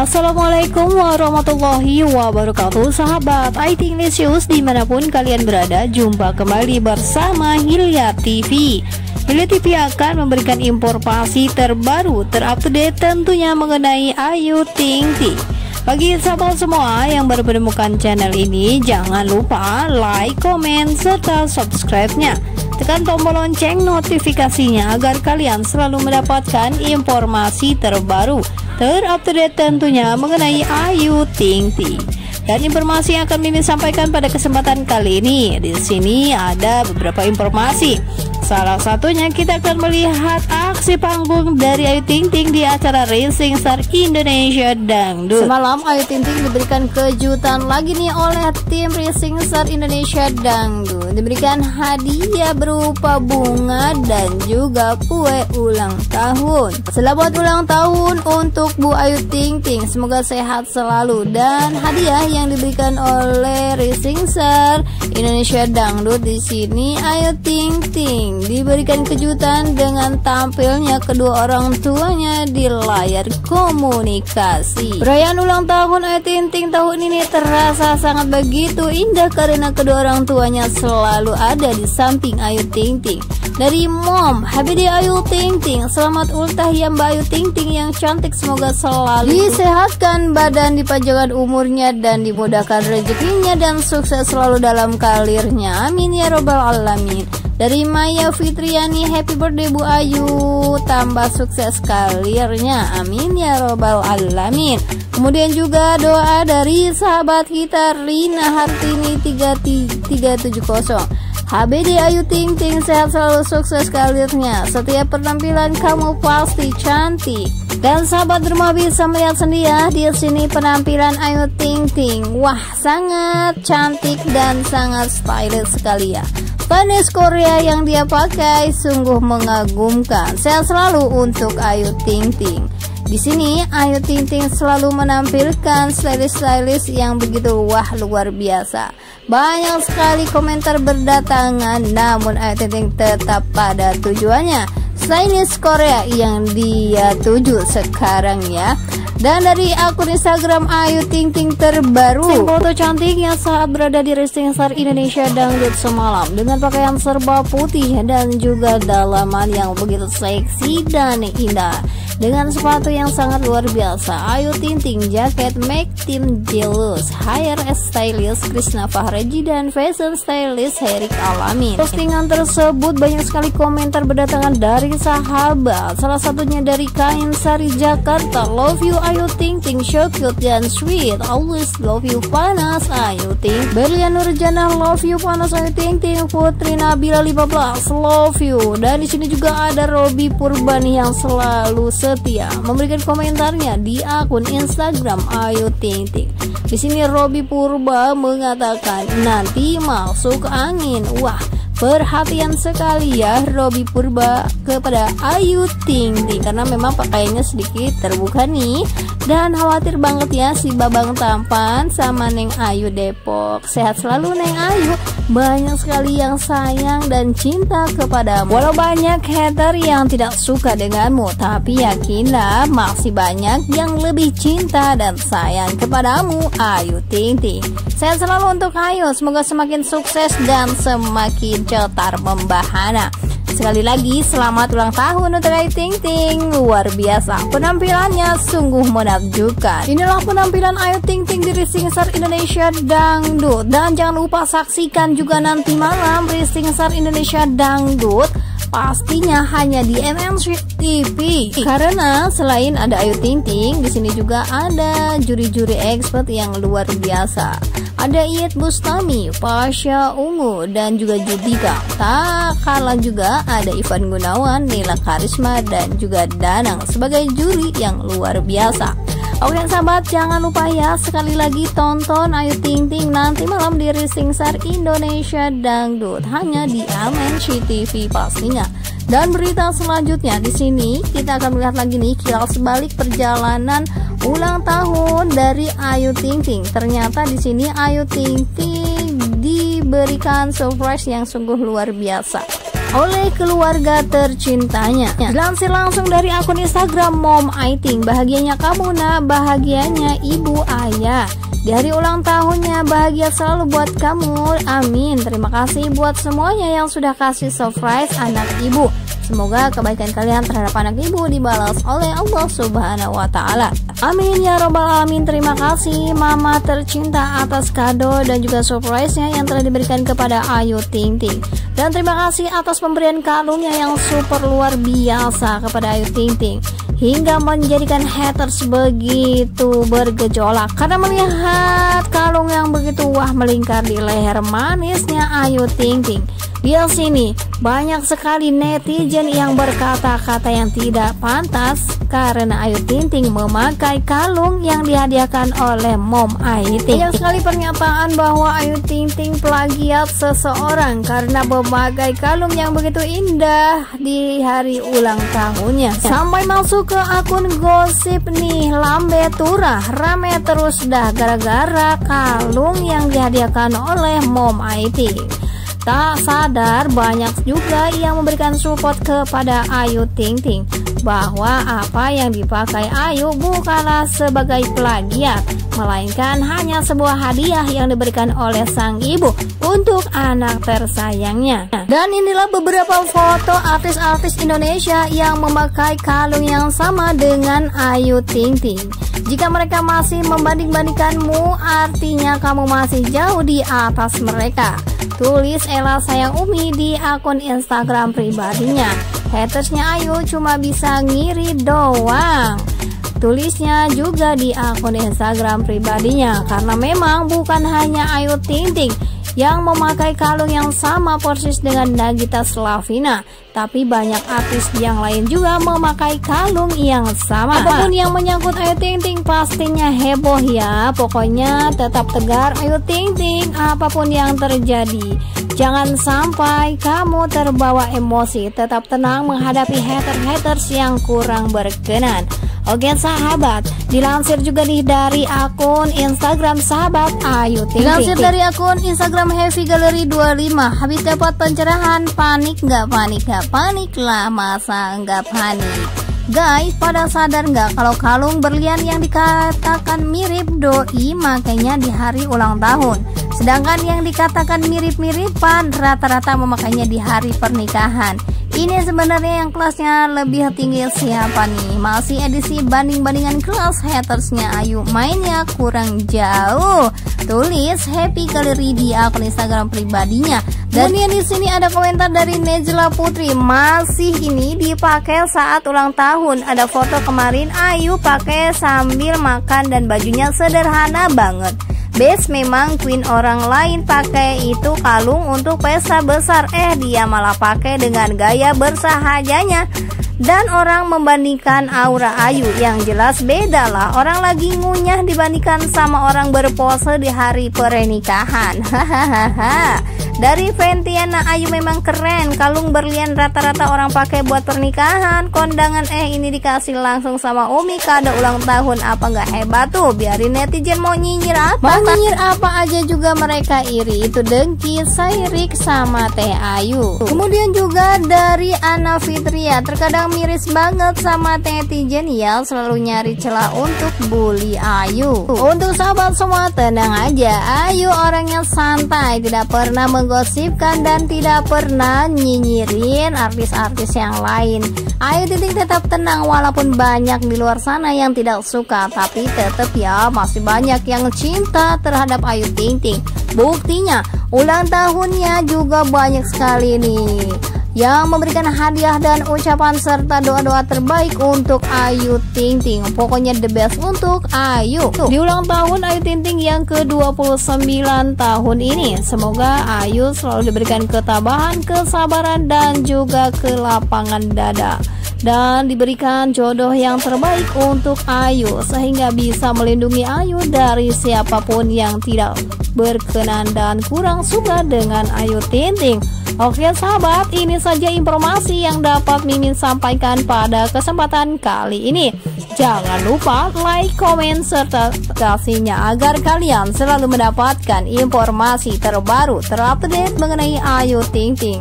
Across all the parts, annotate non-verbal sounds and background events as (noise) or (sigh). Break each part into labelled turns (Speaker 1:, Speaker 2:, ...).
Speaker 1: Assalamualaikum warahmatullahi wabarakatuh Sahabat IT English News dimanapun kalian berada Jumpa kembali bersama Hilya TV Hilya TV akan memberikan informasi terbaru Terupdate tentunya mengenai Ayu Ting Ting bagi sahabat semua yang baru menemukan channel ini, jangan lupa like, komen, serta subscribe-nya. Tekan tombol lonceng notifikasinya agar kalian selalu mendapatkan informasi terbaru terupdate tentunya mengenai Ayu Ting Ting. Dan informasi yang akan Mimin sampaikan pada kesempatan kali ini di sini ada beberapa informasi Salah satunya kita akan melihat aksi panggung dari Ayu Ting Ting di acara Racing Star Indonesia Dangdut. Semalam Ayu Ting Ting diberikan kejutan lagi nih oleh tim Racing Star Indonesia Dangdut. Diberikan hadiah berupa bunga dan juga kue ulang tahun. Selamat ulang tahun untuk Bu Ayu Ting Ting. Semoga sehat selalu dan hadiah yang diberikan oleh Racing Star Indonesia Dangdut di sini Ayu Ting Ting diberikan kejutan dengan tampilnya kedua orang tuanya di layar komunikasi. Perayaan ulang tahun Ayu Ting Ting tahun ini terasa sangat begitu indah karena kedua orang tuanya selalu ada di samping Ayu Ting Ting. Dari Mom, Habibie Ayu Ting Ting, selamat ulang tahun Mbak Ayu Ting Ting yang cantik semoga selalu disehatkan badan, dipanjangkan umurnya dan dimudahkan rezekinya dan sukses selalu dalam karirnya. Amin ya robbal alamin. Dari Maya Fitriani, happy birthday Bu Ayu. Tambah sukses karirnya. Amin ya robbal alamin. Kemudian juga doa dari sahabat kita Rina Hartini 3370. HBD Ayu Ting Ting sehat selalu sukses karirnya Setiap penampilan kamu pasti cantik dan sahabat rumah bisa melihat sendiri ya di sini penampilan Ayu Ting Ting. Wah, sangat cantik dan sangat stylish sekali ya. Panis Korea yang dia pakai sungguh mengagumkan. Saya selalu untuk Ayu Ting Ting. Di sini Ayu Ting Ting selalu menampilkan stylist-stylist yang begitu wah luar biasa. Banyak sekali komentar berdatangan namun Ayu Ting Ting tetap pada tujuannya. Stylist Korea yang dia tuju sekarang ya. Dan dari akun Instagram Ayu Ting Ting terbaru Tim foto cantik yang saat berada di Racing Star Indonesia Dangdut semalam Dengan pakaian serba putih dan juga dalaman yang begitu seksi dan indah dengan sepatu yang sangat luar biasa. Ayu Ting Ting jaket make team jealous. hair stylist Krishna Fahreji dan fashion stylist Herik Alamin. Postingan tersebut banyak sekali komentar berdatangan dari sahabat. Salah satunya dari Kain Sari Jakarta. Love you are ting ting, so cute dan sweet always love you panas ayu ting Berlian Nurjana love you panas ayu ting ting Putri Nabila 15 love you dan di sini juga ada Robi Purbani yang selalu setia memberikan komentarnya di akun Instagram ayu ting ting di sini Robi Purba mengatakan nanti masuk angin wah perhatian sekali ya Robi Purba kepada Ayu Ting Ting karena memang pakaiannya sedikit terbuka nih dan khawatir banget ya si Babang Tampan sama Neng Ayu Depok sehat selalu Neng Ayu banyak sekali yang sayang dan cinta kepadamu. Walau banyak hater yang tidak suka denganmu, tapi yakinlah masih banyak yang lebih cinta dan sayang kepadamu, Ayu Ting Ting. Saya selalu untuk Ayu, semoga semakin sukses dan semakin cetar membahana. Sekali lagi, selamat ulang tahun untuk Ayu Ting Ting. Luar biasa, penampilannya sungguh menakjubkan. Inilah penampilan Ayu Ting Ting di Rising Star Indonesia Dangdut. Dan jangan lupa saksikan juga nanti malam Rising Star Indonesia Dangdut Pastinya hanya di MM Street TV. Karena selain ada Ayu Ting Ting, di sini juga ada juri-juri expert yang luar biasa. Ada Iet Bustami, Pasha Ungu, dan juga Judika. Tak kalah juga ada Ivan Gunawan, Nila Karisma, dan juga Danang sebagai juri yang luar biasa. Oke sahabat, jangan lupa ya sekali lagi tonton Ayu Ting Ting nanti malam di Rising Star Indonesia Dangdut hanya di MNC TV pastinya. Dan berita selanjutnya di sini kita akan melihat lagi nih kilas sebalik perjalanan ulang tahun dari Ayu Ting Ting. Ternyata di sini Ayu Ting Ting diberikan surprise yang sungguh luar biasa oleh keluarga tercintanya. Dilansir langsung dari akun Instagram Mom Aiting, bahagianya kamu nak, bahagianya ibu ayah. Di hari ulang tahunnya bahagia selalu buat kamu Amin Terima kasih buat semuanya yang sudah kasih surprise anak ibu Semoga kebaikan kalian terhadap anak ibu dibalas oleh Allah Subhanahu wa taala. Amin ya robbal alamin. Terima kasih Mama tercinta atas kado dan juga surprise-nya yang telah diberikan kepada Ayu Ting Ting. Dan terima kasih atas pemberian kalungnya yang super luar biasa kepada Ayu Ting Ting hingga menjadikan haters begitu bergejolak karena melihat kalung yang begitu wah melingkar di leher manisnya Ayu Ting Ting. Di iya sini banyak sekali netizen yang berkata-kata yang tidak pantas karena Ayu Ting Ting memakai kalung yang dihadiahkan oleh Mom Ayu Ting. Banyak sekali pernyataan bahwa Ayu Ting Ting plagiat seseorang karena memakai kalung yang begitu indah di hari ulang tahunnya. Ya. Sampai masuk ke akun gosip nih lambe turah rame terus dah gara-gara kalung yang dihadiahkan oleh Mom Ayu Ting. Tak sadar banyak juga yang memberikan support kepada Ayu Ting Ting bahwa apa yang dipakai Ayu bukanlah sebagai plagiat, melainkan hanya sebuah hadiah yang diberikan oleh sang ibu untuk anak tersayangnya. Dan inilah beberapa foto artis-artis Indonesia yang memakai kalung yang sama dengan Ayu Ting Ting. Jika mereka masih membanding-bandingkanmu, artinya kamu masih jauh di atas mereka. Tulis Ella Sayang Umi di akun Instagram pribadinya. Hatersnya Ayu cuma bisa ngiri doang Tulisnya juga di akun Instagram pribadinya Karena memang bukan hanya Ayu Ting yang memakai kalung yang sama persis dengan Nagita Slavina tapi banyak artis yang lain juga memakai kalung yang sama apapun yang menyangkut Ayu Ting Ting pastinya heboh ya pokoknya tetap tegar Ayu Ting Ting apapun yang terjadi Jangan sampai kamu terbawa emosi, tetap tenang menghadapi haters haters yang kurang berkenan. Oke sahabat, dilansir juga nih dari akun Instagram sahabat Ayu Ting Dilansir dari akun Instagram Heavy Gallery 25 Habis dapat pencerahan, panik Gak panik Gak panik lah masa gak panik Guys, pada sadar nggak kalau kalung berlian yang dikatakan mirip doi makanya di hari ulang tahun? Sedangkan yang dikatakan mirip-miripan rata-rata memakainya di hari pernikahan. Ini sebenarnya yang kelasnya lebih tinggi siapa nih? Masih edisi banding-bandingan kelas hatersnya Ayu mainnya kurang jauh. Tulis Happy Gallery di akun Instagram pribadinya. Dan yang di sini ada komentar dari Nejla Putri masih ini dipakai saat ulang tahun. Ada foto kemarin Ayu pakai sambil makan dan bajunya sederhana banget. Best memang Queen orang lain pakai itu kalung untuk pesta besar eh dia malah pakai dengan gaya bersahajanya dan orang membandingkan aura Ayu yang jelas beda lah orang lagi ngunyah dibandingkan sama orang berpose di hari pernikahan (laughs) hahaha dari Ventiana Ayu memang keren Kalung berlian rata-rata orang pakai buat pernikahan Kondangan eh ini dikasih langsung sama Umi kado ulang tahun Apa nggak hebat tuh Biarin netizen mau nyinyir apa Mau nyinyir apa aja juga mereka iri Itu dengki, sairik sama Teh Ayu Kemudian juga dari Ana Fitria Terkadang miris banget sama netizen ya Selalu nyari celah untuk bully Ayu Untuk sahabat semua tenang aja Ayu orangnya santai Tidak pernah meng menggosipkan dan tidak pernah nyinyirin artis-artis yang lain. Ayu Ting tetap tenang walaupun banyak di luar sana yang tidak suka, tapi tetap ya masih banyak yang cinta terhadap Ayu Ting Ting. Buktinya, ulang tahunnya juga banyak sekali nih yang memberikan hadiah dan ucapan serta doa-doa terbaik untuk Ayu Ting Ting. Pokoknya the best untuk Ayu. di ulang tahun Ayu Ting Ting yang ke-29 tahun ini. Semoga Ayu selalu diberikan ketabahan, kesabaran, dan juga kelapangan dada dan diberikan jodoh yang terbaik untuk Ayu sehingga bisa melindungi Ayu dari siapapun yang tidak berkenan dan kurang suka dengan Ayu Tinting. Oke sahabat, ini saja informasi yang dapat Mimin sampaikan pada kesempatan kali ini. Jangan lupa like, komen, serta kasihnya agar kalian selalu mendapatkan informasi terbaru terupdate mengenai Ayu Ting Ting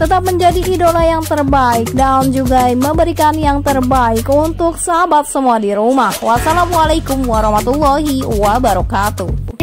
Speaker 1: tetap menjadi idola yang terbaik dan juga memberikan yang terbaik untuk sahabat semua di rumah. Wassalamualaikum warahmatullahi wabarakatuh.